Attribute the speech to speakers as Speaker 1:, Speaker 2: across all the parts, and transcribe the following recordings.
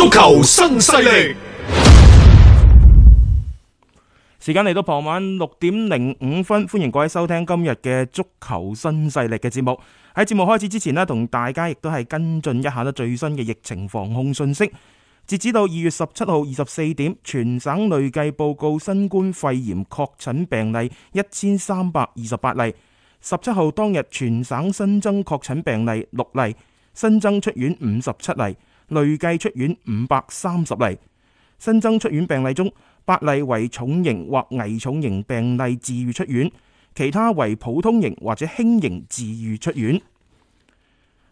Speaker 1: 足球新勢力，時間嚟到傍晚六點零五分，歡迎各位收聽今日嘅足球新勢力嘅節目。喺節目開始之前呢，同大家亦都係跟進一下呢，最新嘅疫情防控信息。截止到二月十七號二十四點，全省累計報告新冠肺炎確診病例一千三百二十八例。十七號當日全省新增確診病例六例，新增出院五十七例。累計出院五百三十例，新增出院病例中八例為重型或危重型病例治癒出院，其他為普通型或者輕型治癒出院。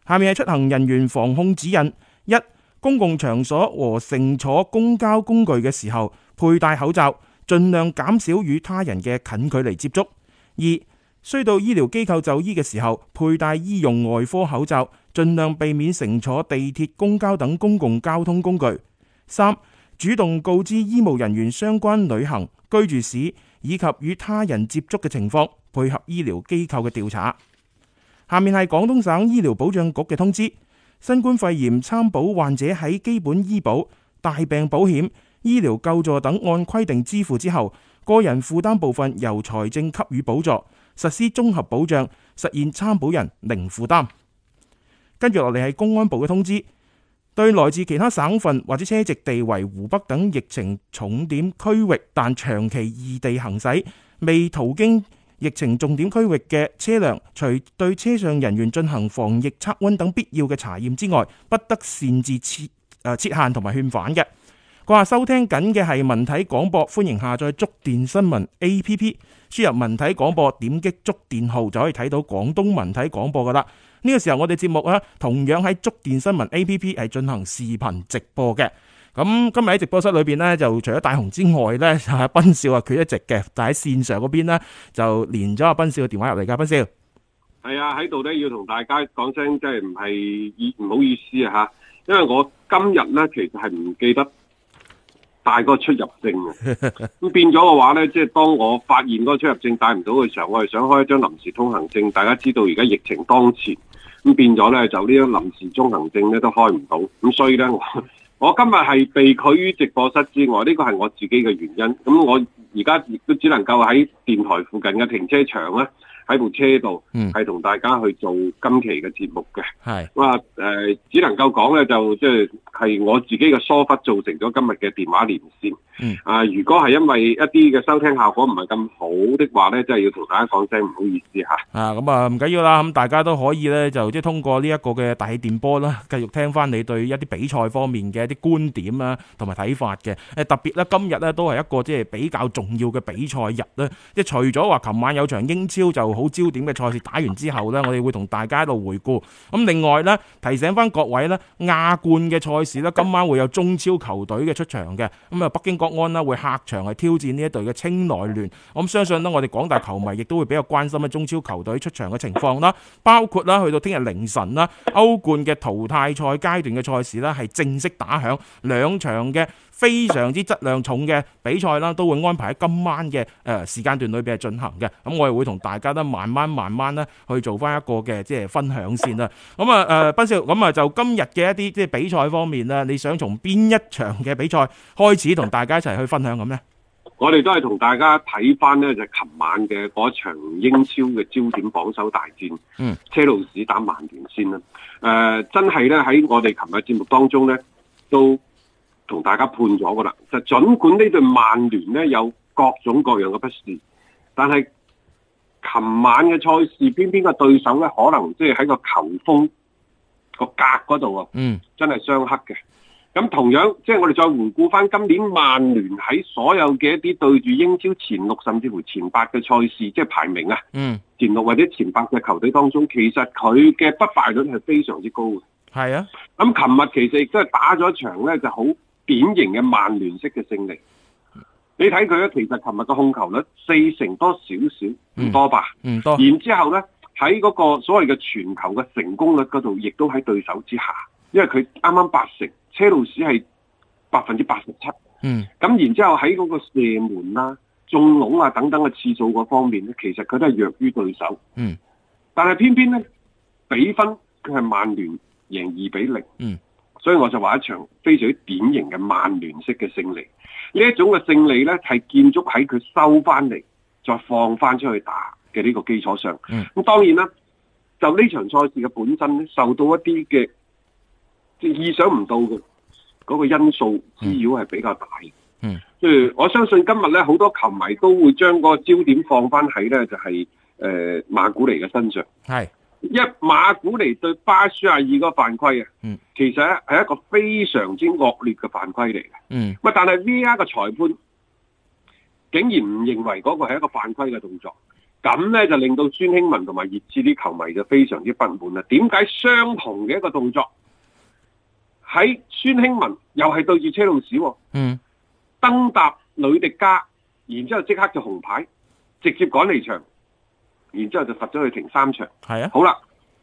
Speaker 1: 下面係出行人員防控指引：一、公共場所和乘坐公交工具嘅時候佩戴口罩，盡量減少與他人嘅近距離接觸；二、需到醫療機構就醫嘅時候，佩戴醫用外科口罩，盡量避免乘坐地鐵、公交等公共交通工具。三、主動告知醫務人員相關旅行、居住史以及與他人接觸嘅情況，配合醫療機構嘅調查。下面係廣東省醫療保障局嘅通知：新冠肺炎參保患者喺基本醫保、大病保險、醫療救助等按規定支付之後，個人負擔部分由財政給予補助。實施綜合保障，實現參保人零負擔。跟住落嚟係公安部嘅通知，對來自其他省份或者車籍地為湖北等疫情重點區域但長期異地行駛、未途經疫情重點區域嘅車輛，除對車上人員進行防疫測溫等必要嘅查驗之外，不得擅自設、誒、設限同埋勸返嘅。佢話收聽緊嘅係文體廣播，歡迎下載觸電新聞 A P P。輸入文體廣播，點擊觸電號就可以睇到廣東文體廣播噶啦。呢個時候我哋節目啊，同樣喺觸電新聞 A P P 喺進行視頻直播嘅。咁今日喺直播室裏邊呢，就除咗大雄之外呢，就係斌少啊，缺一席嘅。但喺線上嗰邊呢，就連咗阿斌少嘅電話入嚟噶。斌少，
Speaker 2: 係啊，喺度呢要同大家講聲，真係唔係意唔好意思啊吓，因為我今日呢，其實係唔記得。帶嗰個出入證，
Speaker 3: 咁
Speaker 2: 變咗嘅話呢，即係當我發現嗰個出入證帶唔到嘅時候，我係想開一張臨時通行證。大家知道而家疫情當前，咁變咗呢就呢張臨時通行證呢都開唔到，咁所以呢我我今日係被拒於直播室之外，呢個係我自己嘅原因。咁我而家亦都只能夠喺電台附近嘅停車場呢，喺部車度，係同大家去做今期嘅節目嘅、嗯。係，我話誒，只能夠講咧，就即係係我自己嘅疏忽造成咗今日嘅電話連線。嗯，啊，如果係因為一啲嘅收聽效果唔係咁好嘅話咧，真係要同大家講聲唔好意思嚇、
Speaker 1: 啊。啊，咁啊唔緊要啦，咁大家都可以咧，就即係通過呢一個嘅大氣電波啦，繼續聽返你對一啲比賽方面嘅一啲觀點啊，同埋睇法嘅。誒特別咧，今日咧都係一個即係比較重要嘅比賽日咧，即係除咗話琴晚有場英超就。好焦點嘅賽事打完之後呢，我哋會同大家一路回顧。咁另外呢，提醒翻各位呢亞冠嘅賽事呢，今晚會有中超球隊嘅出場嘅。咁啊，北京國安呢會客場去挑戰呢一隊嘅青內聯。咁相信呢，我哋廣大球迷亦都會比較關心啊中超球隊出場嘅情況啦。包括啦，去到聽日凌晨啦，歐冠嘅淘汰賽階段嘅賽事呢，係正式打響兩場嘅。非常之質量重嘅比賽啦，都會安排喺今晚嘅誒時間段裏邊進行嘅。咁我哋會同大家咧慢慢慢慢咧去做翻一個嘅即係分享先啦。咁啊誒，斌少，咁啊就今日嘅一啲即係比賽方面咧，你想從邊一場嘅比賽開始同大家一齊去分享咁呢？
Speaker 2: 我哋都係同大家睇翻呢，就琴晚嘅嗰場英超嘅焦點榜首大戰，嗯，車路士打曼聯先啦。誒、呃，真係咧喺我哋琴日節目當中呢，都。同大家判咗噶啦，就儘管呢隊曼聯咧有各種各樣嘅不是，但係琴晚嘅賽事邊邊個對手咧，可能即係喺個球風個格嗰度啊，嗯，真係相克嘅。咁同樣即係我哋再回顧翻今年曼聯喺所有嘅一啲對住英超前六甚至乎前八嘅賽事，即係排名啊，嗯，前六或者前八嘅球隊當中，其實佢嘅不敗率係非常之高嘅。
Speaker 3: 係
Speaker 1: 啊，
Speaker 2: 咁琴日其實亦都係打咗一場咧就好，典型嘅曼聯式嘅勝利，你睇佢咧，其實琴日嘅控球率四成多少少，唔、嗯、多吧？唔、嗯、多。然之後咧，喺嗰個所謂嘅傳球嘅成功率嗰度，亦都喺對手之下，因為佢啱啱八成，車路士係百分之八十七。嗯。咁然之後喺嗰個射門啦、啊、中籠啊等等嘅次數嗰方面咧，其實佢都係弱於對手。嗯。但係偏偏咧，比分佢係曼聯贏二比零。嗯。所以我就話一場非常之典型嘅曼聯式嘅勝利，呢一種嘅勝利咧，係建築喺佢收翻嚟再放翻出去打嘅呢個基礎上。嗯，咁當然啦，就呢場賽事嘅本身咧受到一啲嘅即意想唔到嘅嗰個因素滋擾係比較大的。嗯，所以我相信今日咧好多球迷都會將個焦點放翻喺咧就係、是、誒、呃、馬古尼嘅身上。係。一馬古尼對巴舒亞爾個犯規啊，其實係一個非常之惡劣嘅犯規嚟嘅。乜、嗯、但係 VAR 嘅裁判竟然唔認為嗰個係一個犯規嘅動作，咁咧就令到孫興文同埋熱刺啲球迷就非常之不滿啦。點解相同嘅一個動作喺孫興文又係對住車路士，嗯，蹬踏呂迪加，然之後即刻就紅牌，直接趕離場。然之後就罰咗佢停三場。係啊，好啦，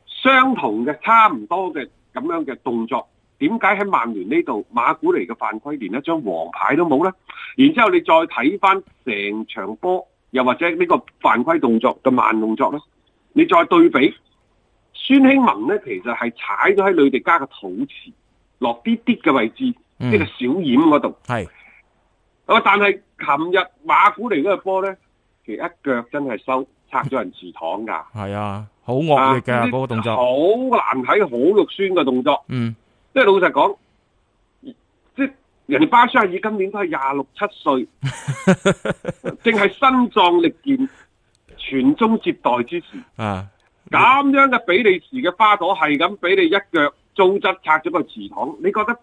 Speaker 2: 相同嘅差唔多嘅咁樣嘅動作，點解喺曼聯呢度馬古尼嘅犯規連一張黃牌都冇咧？然之後你再睇翻成場波，又或者呢個犯規動作嘅慢動作咧，你再對比孫興文咧，其實係踩咗喺裏迪加嘅肚臍，落啲啲嘅位置，即、嗯、係、這個、小掩嗰度。咁啊，但係琴日馬古尼嗰個波咧，其實一腳真係收。拆
Speaker 1: 咗人祠堂噶，係啊，好惡劣嘅嗰個動作，
Speaker 2: 好難睇，好肉酸嘅動作。嗯，即係老實講，即係人哋巴沙爾今年都係廿六七歲，歲 正係身壯力健、傳宗接代之
Speaker 1: 時。
Speaker 2: 啊，咁樣嘅比利時嘅花朵係咁俾你一腳，足質拆咗個祠堂，你覺得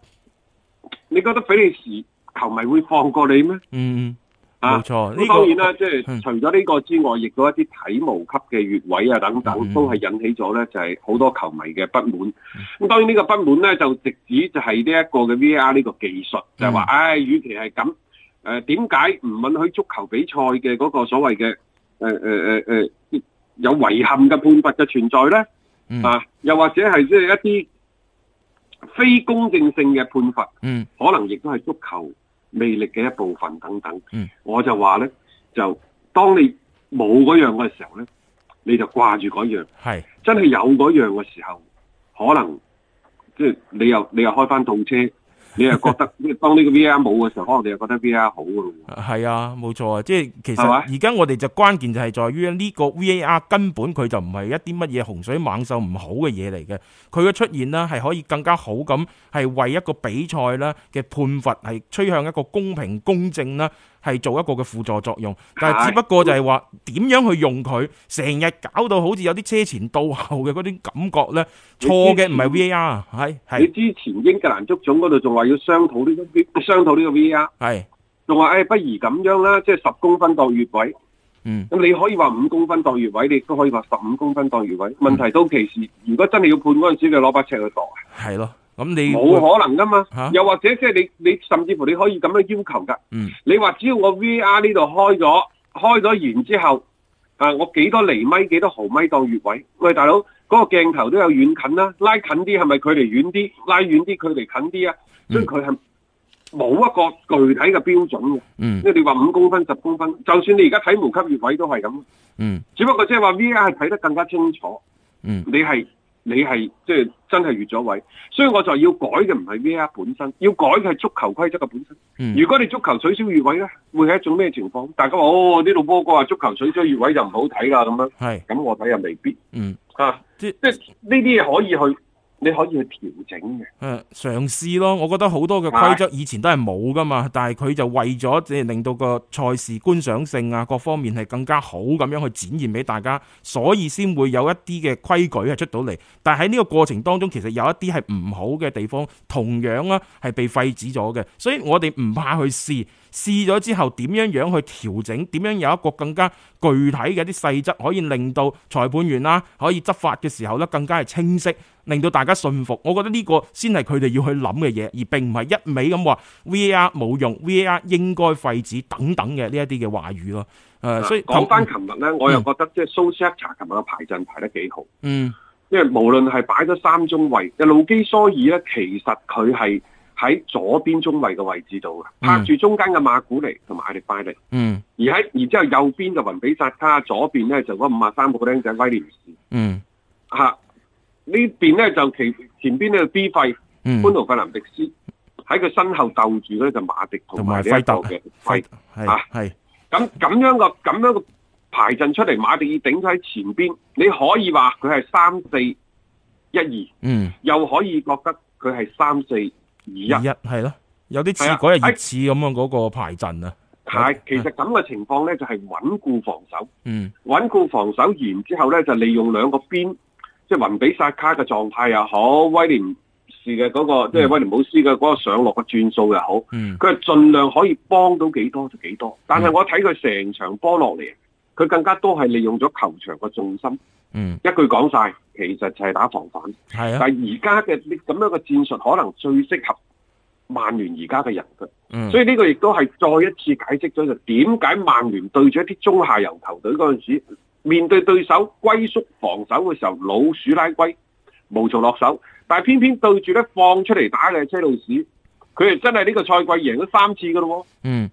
Speaker 2: 你覺得比利時球迷會放過你咩？嗯。
Speaker 3: 冇、啊、錯，咁、這個、當然啦，
Speaker 2: 即、嗯、係除咗呢個之外，亦都一啲體毛級嘅越位啊等等，都係引起咗咧，就係好多球迷嘅不滿。咁當然呢個不滿咧，就直指就係呢一個嘅 VR 呢個技術、嗯，就係、是、話、唉、哎，與其係咁，誒，點解唔允許足球比賽嘅嗰個所謂嘅誒誒誒誒有遺憾嘅判罰嘅存在咧、嗯？啊，又或者係即係一啲非公正性嘅判罰，嗯，可能亦都係足球。魅力嘅一部分等等，嗯、我就話咧，就當你冇樣嘅時候咧，你就掛住樣，係真係有嗰樣嘅時候，可能即係、就是、你又你又開翻動車。 你又覺得當呢個
Speaker 1: VR 冇嘅時候，可能你又覺得 VR 好嘅咯？係啊，冇錯啊，即係其實而家我哋就關鍵就係在於呢個 VAR 根本佢就唔係一啲乜嘢洪水猛獸唔好嘅嘢嚟嘅，佢嘅出現呢，係可以更加好咁係為一個比賽啦嘅判罰係趨向一個公平公正啦。係做一個嘅輔助作用，但係只不過就係話點樣去用佢，成日搞到好似有啲車前到後嘅嗰啲感覺咧，錯嘅唔係 VAR，
Speaker 2: 係係你之前英格蘭足總嗰度仲話要商討呢商討呢個 VAR，係仲話誒不如咁樣啦，即係十公分當越位，嗯，咁你可以話五公分當越位，你都可以話十五公分當越位，問題都其實、嗯、如果真係要判嗰陣時，就攞把尺去度，
Speaker 3: 係
Speaker 1: 咯。
Speaker 2: 冇可能噶嘛、啊？又或者即係你，你甚至乎你可以咁樣要求噶、嗯。你話只要我 VR 呢度開咗，開咗完之後，啊、我幾多厘米、幾多毫米當越位？喂大，大佬，嗰個鏡頭都有遠近啦、啊，拉近啲係咪距離遠啲？拉遠啲距離近啲啊、嗯？所以佢係冇一個具體嘅標準嘅。即、嗯、係你話五公分、十公分，就算你而家睇無級越位都係咁、嗯。只不過即係話 VR 係睇得更加清楚。嗯、你係。你係即係真係越咗位，所以我就要改嘅唔係咩 r 本身，要改嘅係足球規則嘅本身、嗯。如果你足球取消越位咧，會係一種咩情況？大家話哦，呢度波哥話足球取消越位就唔好睇啦咁樣。咁我睇又未必。嗯，啊，即即呢啲嘢可以去。
Speaker 3: 你可
Speaker 1: 以去調整嘅，誒嘗試咯。我覺得好多嘅規則以前都係冇㗎嘛，但係佢就為咗即令到個賽事觀賞性啊，各方面係更加好咁樣去展現俾大家，所以先會有一啲嘅規矩係出到嚟。但係喺呢個過程當中，其實有一啲係唔好嘅地方，同樣啊，係被廢止咗嘅。所以我哋唔怕去試。試咗之後點樣樣去調整？點樣有一個更加具體嘅一啲細則，可以令到裁判員啦，可以執法嘅時候咧更加係清晰，令到大家信服。我覺得呢個先係佢哋要去諗嘅嘢，而並唔係一味咁話 VAR 冇用，VAR 應該廢止等等嘅呢一啲嘅話語咯。誒，所以講翻琴日咧，我又
Speaker 2: 覺得即係蘇斯克查琴日嘅排陣排得幾好。嗯，因為無論係擺咗三中位，魯基蘇爾咧，其實佢係。喺左邊中衛嘅位置度拍住中間嘅馬古尼同埋艾力拜力，嗯，而喺然之後右邊就雲比薩卡，左邊咧就嗰五啊三號僆仔威廉斯。嗯，吓、啊、呢邊咧就其前前邊咧 B 費、潘、嗯、奴費南迪斯喺佢身後斗住咧就馬迪同埋呢一個係。咁咁、啊啊、樣個咁樣排陣出嚟，馬迪要頂喺前邊，你可以話佢係三四一二，
Speaker 1: 嗯，
Speaker 2: 又可以覺得佢係三四。二一
Speaker 1: 係咯，有啲似，嗰日熱刺咁樣嗰個排陣啊。係、嗯，
Speaker 2: 其實咁嘅情況咧就係穩固防守。嗯，穩固防守完之後咧就利用兩個邊，即係雲比薩卡嘅狀態又好，威廉士嘅嗰、那個，即、嗯、係威廉姆斯嘅嗰個上落嘅轉數又好。嗯，佢係盡量可以幫到幾多就幾多。但係我睇佢成場波落嚟。嗯嗯佢更加多係利用咗球場個重心，嗯，一句講晒，其實就係打防反。係啊。但係而家嘅咁樣嘅戰術，可能最適合曼聯而家嘅人嘅，嗯。所以呢個亦都係再一次解釋咗就點解曼聯對住一啲中下游球隊嗰陣時，面對對手龜縮防守嘅時候，老鼠拉龜無從落手，但係偏偏對住咧放出嚟打嘅車路士，佢係真係呢個賽季贏咗三次噶咯喎，嗯。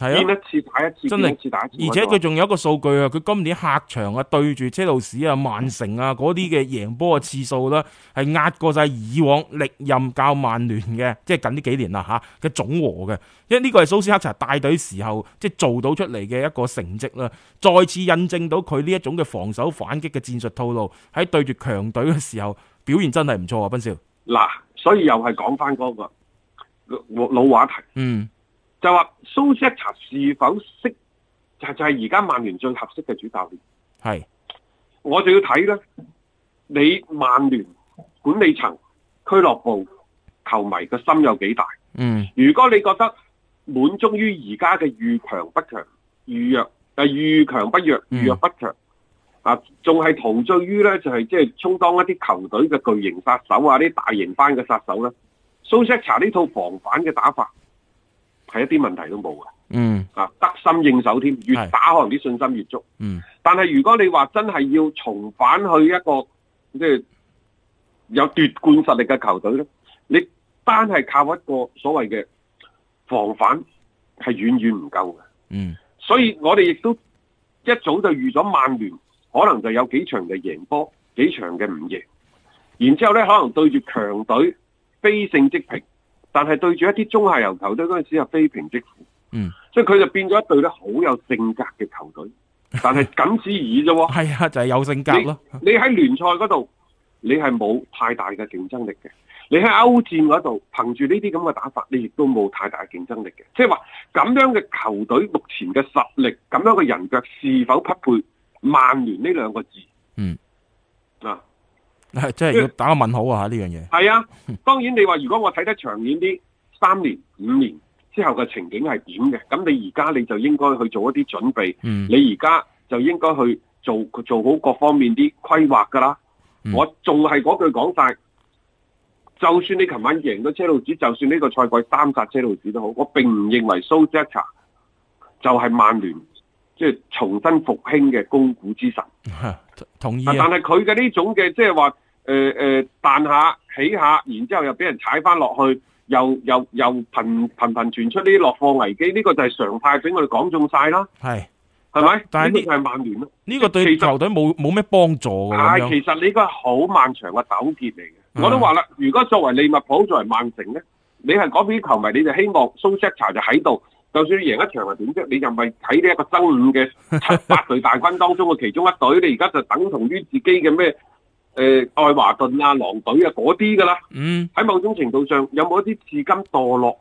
Speaker 2: 係啊，一次打一次，真係一次打一次，而且佢
Speaker 1: 仲有一個數據啊，佢今年客場啊，對住車路士啊、曼城啊嗰啲嘅贏波嘅次數啦，係壓過晒以往歷任教曼聯嘅，即係近呢幾年啦吓嘅總和嘅。因為呢個係蘇斯克察帶隊時候即係做到出嚟嘅一個成績啦，再次印證到佢呢一種嘅防守反擊嘅戰術套路喺對住強隊嘅時候表現真係唔錯啊，斌少。
Speaker 2: 嗱，所以又係講翻嗰個老、老話題。嗯。就話蘇斯查是否識，就就係而家曼聯最合適嘅主教練？係我就要睇咧，你曼聯管理層、俱樂部、球迷嘅心有幾大？嗯，如果你覺得滿足於而家嘅，遇強不強、遇弱，誒遇、呃、強不弱、遇弱不強、嗯、啊，仲係陶醉於咧，就係即係充當一啲球隊嘅巨型殺手啊，啲大型班嘅殺手咧，蘇斯查呢套防反嘅打法。係一啲問題都冇嘅，
Speaker 3: 嗯，
Speaker 2: 啊，得心應手添，越打可能啲信心越足，嗯。但係如果你話真係要重返去一個即係、就是、有奪冠實力嘅球隊咧，你單係靠一個所謂嘅防反係遠遠唔夠嘅，嗯。所以我哋亦都一早就預咗曼聯可能就有幾場嘅贏波，幾場嘅唔贏，然之後咧可能對住強隊非勝即平。但係對住一啲中下游球隊嗰陣時係非平即負，嗯，所以佢就變咗一隊咧好有性格嘅球隊，但係僅此而已啫，係啊，就係有性格咯。你喺聯賽嗰度，你係冇太大嘅競爭力嘅；你喺歐戰嗰度，憑住呢啲咁嘅打法，你亦都冇太大嘅競爭力嘅。即係話咁樣嘅球隊目前嘅實力，咁樣嘅人腳是否匹配曼聯呢兩個字？嗯。
Speaker 1: 係，真係要打個問好啊！呢樣嘢
Speaker 2: 係啊，當然你話如果我睇得長遠啲，三年、五年之後嘅情景係點嘅？咁你而家你就應該去做一啲準備。嗯、你而家就應該去做做好各方面啲規劃噶啦。我仲係嗰句講晒，就算你琴晚贏咗車路子，就算呢個賽季三殺車路子都好，我並唔認為蘇浙 a 就係曼聯。即係重新復興嘅攻股之神，
Speaker 1: 同意是。但係
Speaker 2: 佢嘅呢種嘅即係話，誒、呃、誒彈下起下，然之後又俾人踩翻落去，又又又頻頻頻傳出呢啲落貨危機，呢、這個就係常態，俾我哋講中晒啦。係係咪？呢啲係曼聯咯。呢、這個這個對
Speaker 1: 球隊冇冇咩幫助㗎。係，其
Speaker 2: 實呢個好漫長嘅糾結嚟嘅。我都話啦，如果作為利物浦、作為曼城咧，你係講俾啲球迷，你就希望蘇謝茶就喺度。 就算贏一場係點啫，你又唔係睇呢一個爭五嘅七八隊大軍當中嘅其中一隊，你而家就等同於自己嘅咩誒，愛華頓啊、狼隊啊嗰啲㗎喇。嗯，喺某種程度上，有冇一啲自甘墮落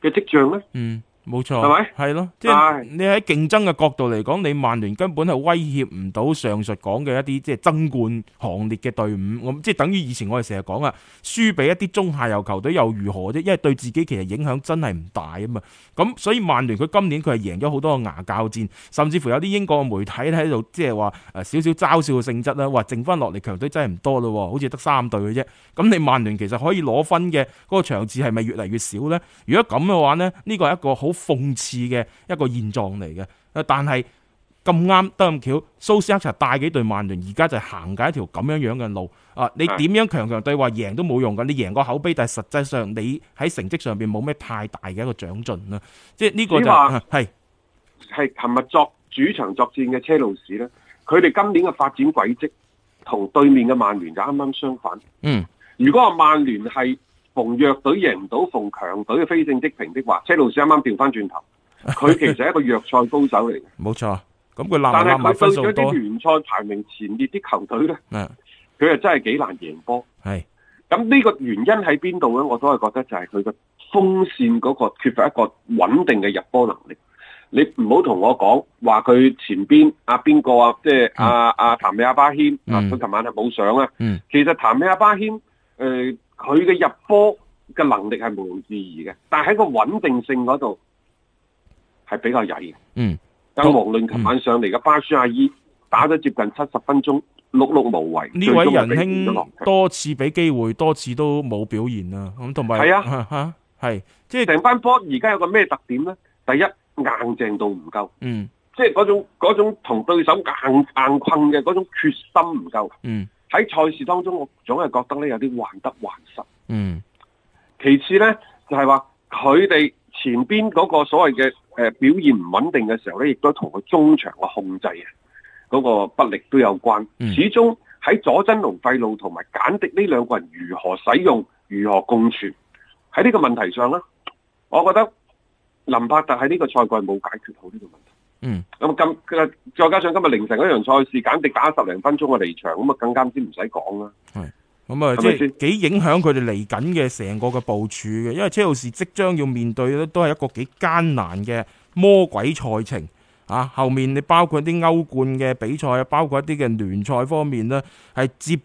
Speaker 2: 嘅跡象咧？嗯
Speaker 1: 冇錯，係咪？係咯，即係你喺競爭嘅角度嚟講，你曼聯根本係威脅唔到上述講嘅一啲即係爭冠行列嘅隊伍。即係等於以前我哋成日講啊，輸俾一啲中下游球隊又如何啫？因為對自己其實影響真係唔大啊嘛。咁所以曼聯佢今年佢係贏咗好多個牙教戰，甚至乎有啲英國嘅媒體喺度即係話誒少少嘲笑嘅性質啦。話剩翻落嚟強隊真係唔多咯，好似得三隊嘅啫。咁你曼聯其實可以攞分嘅，嗰個場次係咪越嚟越少咧？如果咁嘅話呢，呢個係一個好。諷刺嘅一個現狀嚟嘅，但係咁啱得咁巧，蘇斯克查帶幾隊曼聯，而家就行緊一條咁樣樣嘅路啊！你點樣強強對話贏都冇用噶，你贏個口碑，但係實際上你喺成績上面冇咩太大嘅一個長進啦。即係呢個就話係
Speaker 2: 係琴日作主場作戰嘅車路士咧，佢哋今年嘅發展軌跡同對面嘅曼聯就啱啱相反。
Speaker 3: 嗯，
Speaker 2: 如果話曼聯係。逢弱隊贏唔到逢強隊嘅非正即平的話，車路士啱啱調翻轉頭，佢其實係一個弱賽高手嚟嘅，冇錯。咁佢但係佢到咗啲聯賽排名前列啲球隊咧，佢 又真係幾難贏波。係咁呢個原因喺邊度咧？我都係覺得就係佢個鋒線嗰個缺乏一個穩定嘅入波能力。你唔好同我講話佢前邊阿邊個啊，即係阿阿譚美阿巴軒佢琴晚係冇上啊、嗯。其實譚美阿巴軒誒。呃佢嘅入波嘅能力係毋庸置疑嘅，但係喺個穩定性嗰度係比較曳嘅。嗯，但無論琴晚上嚟嘅巴舒亞伊打咗接近七十分鐘，碌、嗯、碌、嗯、無為。呢位仁兄
Speaker 1: 多次俾機會，多次都冇表
Speaker 2: 現有啊。咁同埋係啊，嚇、啊，係即係成班波而家有個咩特點咧？第一硬淨度唔夠，
Speaker 3: 嗯，
Speaker 2: 即係嗰種嗰種同對手硬硬困嘅嗰種決心唔夠，嗯。喺賽事當中，我總係覺得咧有啲患得患失。嗯，其次咧就係話佢哋前邊嗰個所謂嘅誒表現唔穩定嘅時候咧，亦都同佢中場嘅控制啊嗰個不力都有關。嗯、始終喺佐真龍費路同埋簡迪呢兩個人如何使用、如何共存喺呢個問題上啦，我覺得林柏特喺呢個賽季冇解決好呢個問題。嗯，咁今再加上今日凌晨一場賽事，簡直打十零分鐘嘅離場，咁啊更加之唔使講啦。
Speaker 1: 係，咁啊，即係幾影響佢哋嚟緊嘅成個嘅部署嘅，因為車路士即將要面對咧，都係一個幾艱難嘅魔鬼賽程啊。後面你包括一啲歐冠嘅比賽啊，包括一啲嘅聯賽方面呢係接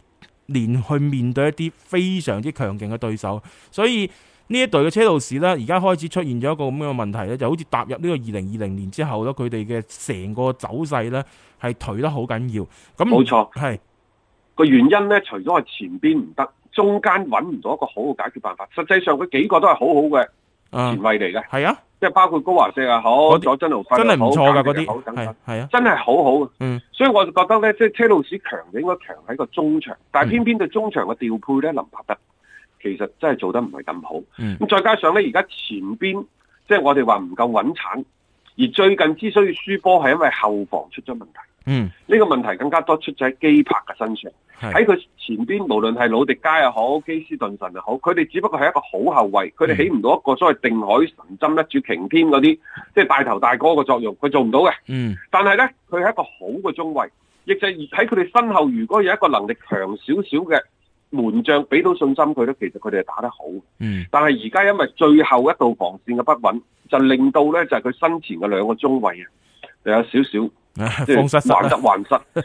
Speaker 1: 連去面對一啲非常之強勁嘅對手，所以。呢一隊嘅車路士咧，而家開始出現咗一個咁樣嘅問題咧，就好似踏入呢個二零二零年之後咧，佢哋嘅成個走勢咧係頹得好緊要。咁冇錯，
Speaker 2: 係個原因咧，除咗係前邊唔得，中間揾唔到一個好嘅解決辦法。實際上佢幾個都係好好嘅前衛嚟嘅，係、嗯、啊，即係包括高華社啊，好咗佐真奴真係唔錯㗎。嗰啲，係啊，真係好好。嗯，所以我就覺得咧，即係車路士強就應該強喺個中場，但係偏偏對中場嘅調配咧，林伯特。其實真係做得唔係咁好，咁、嗯、再加上咧，而家前邊即係我哋話唔夠穩產，而最近之所以輸波係因為後防出咗問題，呢、嗯這個問題更加多出咗喺基帕嘅身上，喺佢前邊無論係魯迪佳又好，基斯頓神又好，佢哋只不過係一個好後衛，佢、嗯、哋起唔到一個所謂定海神針咧，柱擎天嗰啲，即係大頭大哥嘅作用，佢做唔到嘅。嗯，但係咧，佢係一個好嘅中衛，亦就係喺佢哋身後，如果有一個能力強少少嘅。門將俾到信心佢咧，其實佢哋係打得好。嗯，但係而家因為最後一道防線嘅不穩，就令到咧就係佢身前嘅兩個中位啊，就有少少，
Speaker 3: 患失，失，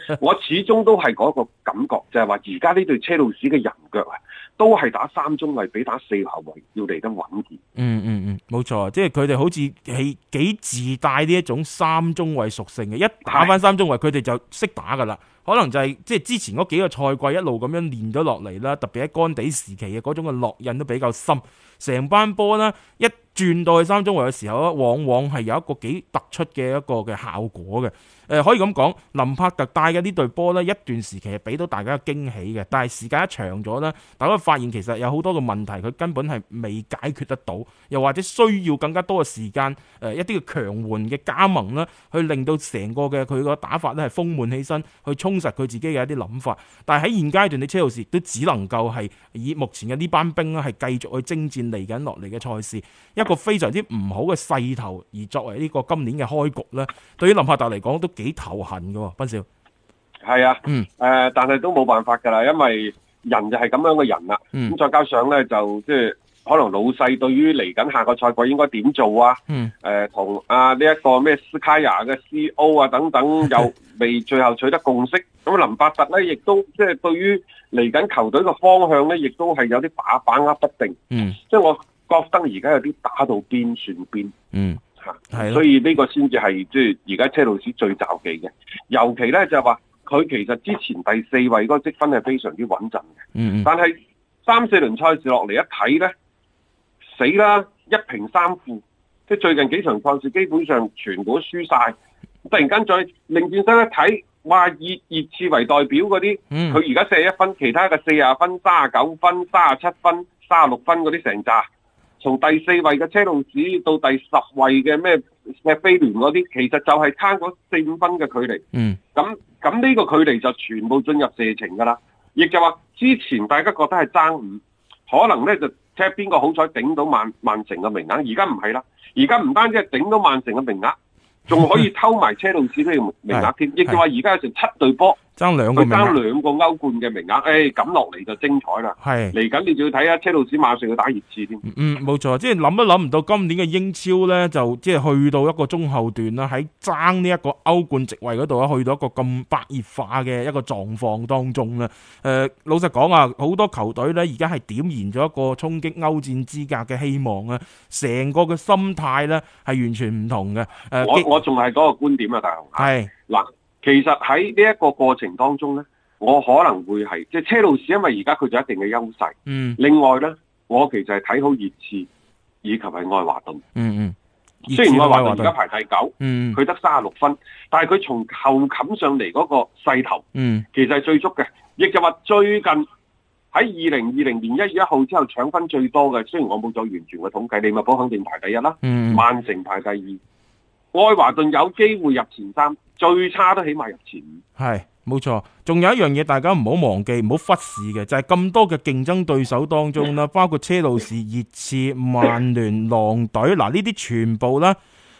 Speaker 2: 失， 我始終都係嗰個感覺，就係話而家呢隊車路士嘅人腳啊，都係打三中衛比打四後衛要嚟得穩健。嗯
Speaker 1: 嗯嗯，冇錯，即係佢哋好似係幾，幾自帶呢一種三中衛屬性嘅，一打翻三中衛佢哋就識打噶啦。是的可能就係、是、即係之前嗰幾個賽季一路咁樣練咗落嚟啦，特別喺乾地時期嘅嗰種嘅烙印都比較深，成班波呢。一。轉到去三中衞嘅時候，往往係有一個幾突出嘅一個嘅效果嘅。誒、呃，可以咁講，林柏特帶嘅呢隊波咧，一段時期係俾到大家嘅驚喜嘅。但係時間一長咗咧，大家發現其實有好多嘅問題，佢根本係未解決得到，又或者需要更加多嘅時間誒、呃，一啲嘅強援嘅加盟啦，去令到成個嘅佢個打法咧係豐滿起身，去充實佢自己嘅一啲諗法。但係喺現階段，你車路士都只能夠係以目前嘅呢班兵咧，係繼續去征戰嚟緊落嚟嘅賽事一個非常之唔好嘅勢頭，而作為呢個今年嘅開局咧，對於林柏特嚟講都幾頭痕噶，斌少
Speaker 2: 係啊，嗯，誒、呃，但係都冇辦法噶啦，因為人就係咁樣嘅人啦，咁、嗯、再加上咧就即係可能老細對於嚟緊下個賽季應該點做啊，嗯，誒、呃，同阿呢一個咩斯卡亞嘅 CEO 啊等等又未最後取得共識，咁 林柏特咧亦都即係、就是、對於嚟緊球隊嘅方向咧，亦都係有啲把把握不定，嗯，即係我。覺得而家有啲打到邊算邊，嗯吓，係，所以呢個先至係即係而家車路士最罩忌嘅。尤其咧就係話佢其實之前第四位嗰個積分係非常之穩陣嘅，嗯，但係三四輪賽事落嚟一睇咧，死啦一平三負，即係最近幾場賽事基本上全部都輸晒。突然間再擰轉身一睇，話以熱刺為代表嗰啲，佢而家四十一分，其他嘅四十分、三十九分、三十七分、三十六分嗰啲成炸。從第四位嘅車路士到第十位嘅咩咩飛聯嗰啲，其實就係差嗰四五分嘅距離。嗯，咁咁呢個距離就全部進入射程噶啦。亦就話之前大家覺得係爭五，可能咧就聽邊個好彩頂到曼曼城嘅名額，而家唔係啦。而家唔單止係頂到曼城嘅名額，仲可以偷埋車路士嘅名名額添。亦 就話而家有成七隊波。
Speaker 1: 爭兩個名，爭兩
Speaker 2: 個歐冠嘅名額，誒，咁落嚟就精彩啦。係，嚟緊你就要睇下車路士馬上去打熱刺添。嗯，
Speaker 1: 冇錯，即係諗都諗唔到，今年嘅英超咧就即係去到一個中後段啦，喺爭呢一個歐冠席位嗰度啊，去到一個咁白熱化嘅一個狀況當中啦。誒，老實講啊，好多球隊咧而家係點燃咗一個衝擊歐戰資格嘅希望啊，成個嘅心態咧係完全唔同嘅。誒，我我
Speaker 2: 仲係嗰個觀點啊，大雄係嗱。其實喺呢一個過程當中咧，我可能會係即係車路士，因為而家佢就一定嘅優勢。嗯。另外咧，我其實係睇好熱刺以及係愛華頓。嗯嗯。
Speaker 3: 雖然愛華頓而家排
Speaker 2: 第九，嗯，佢得卅六分，但係佢從後冚上嚟嗰個勢頭，嗯，其實係最足嘅。亦就話最近喺二零二零年一月一號之後搶分最多嘅，雖然我冇做完全嘅統計，利物浦肯定排第一啦。嗯。曼城排第二。嗯愛華頓有機會入前三，最差都起碼入前五。
Speaker 1: 係，冇錯。仲有一樣嘢大家唔好忘記，唔好忽視嘅就係、是、咁多嘅競爭對手當中啦，包括車路士、熱刺、曼聯、狼隊，嗱，呢啲全部呢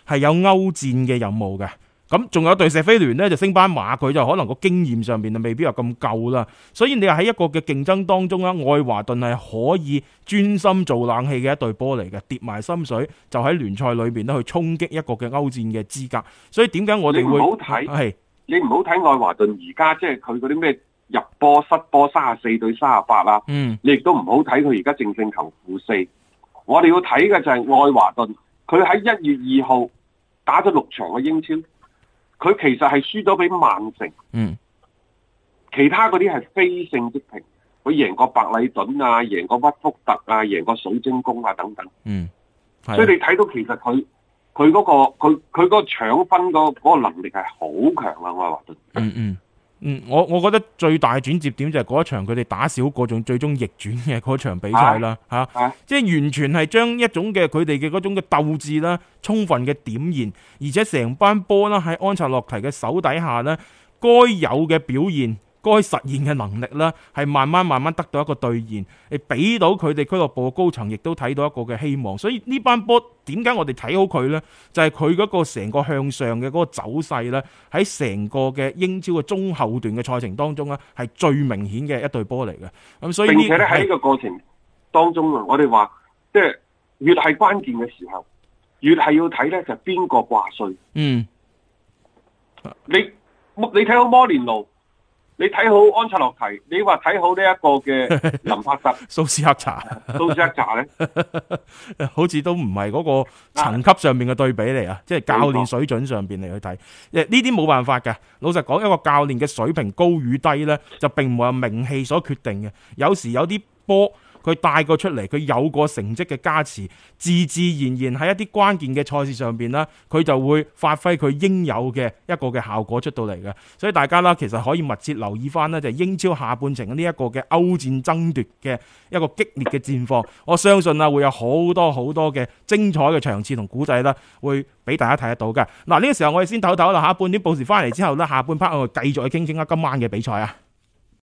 Speaker 1: 係有歐戰嘅任務嘅。咁仲有對錫菲聯咧，就升班馬，佢就可能個經驗上邊就未必有咁夠啦。所以你話喺一個嘅競爭當中啦，愛華頓係可以專心做冷氣嘅一對波嚟嘅，跌埋心水就喺聯賽裏邊咧去衝擊一個嘅歐戰嘅資格。
Speaker 2: 所以點解我哋會好睇係，你唔好睇愛華頓而家即係佢嗰啲咩入波失波三十四對三十八啊，嗯，你亦都唔好睇佢而家淨勝球負四。我哋要睇嘅就係愛華頓，佢喺一月二號打咗六場嘅英超。佢其實係輸咗俾曼城，其他嗰啲係非勝即平，佢贏過白禮頓啊，贏過屈福特啊，贏過水晶宮啊等等，
Speaker 3: 嗯、所以你
Speaker 2: 睇到其實佢佢嗰個佢嗰個搶分嗰個能力係好強啊，愛華頓、就是。嗯嗯
Speaker 1: 嗯，我我覺得最大轉折點就係嗰一場佢哋打少過仲最終逆轉嘅嗰場比賽啦、啊啊啊、即係完全係將一種嘅佢哋嘅嗰種嘅鬥志啦，充分嘅點燃，而且成班波啦喺安察洛提嘅手底下咧，該有嘅表現。該實現嘅能力啦，係慢慢慢慢得到一個兌現，嚟俾到佢哋俱樂部嘅高層亦都睇到一個嘅希望。所以呢班波點解我哋睇好佢呢？就係佢嗰個成個向上嘅嗰個走勢呢，喺成個嘅英超嘅中後段嘅賽程當中呢，係最明顯嘅一隊波嚟嘅。咁所以並且喺呢
Speaker 2: 個過程當中啊，嗯、中我哋話即係越係關鍵嘅時候，越係要睇呢，就係邊個掛帥。嗯，你你睇好摩連奴？你睇好安切洛提，你話睇好呢一個嘅林柏特、
Speaker 1: 蘇 斯克查、蘇 斯克查咧， 好似都唔係嗰個層級上面嘅對比嚟啊！即係教練水準上邊嚟去睇，誒呢啲冇辦法嘅。老實講，一個教練嘅水平高與低咧，就並唔係名氣所決定嘅。有時有啲波。佢帶過出嚟，佢有過成績嘅加持，自自然然喺一啲關鍵嘅賽事上面啦，佢就會發揮佢應有嘅一個嘅效果出到嚟嘅。所以大家啦，其實可以密切留意翻呢就英超下半程呢一個嘅歐戰爭奪嘅一個激烈嘅戰況，我相信啊會有好多好多嘅精彩嘅場次同古仔啦，會俾大家睇得到嘅。
Speaker 3: 嗱呢個時候我哋先唞唞啦吓，半點報時翻嚟之後呢，下半 part 我哋繼續去傾傾啊今晚嘅比賽啊！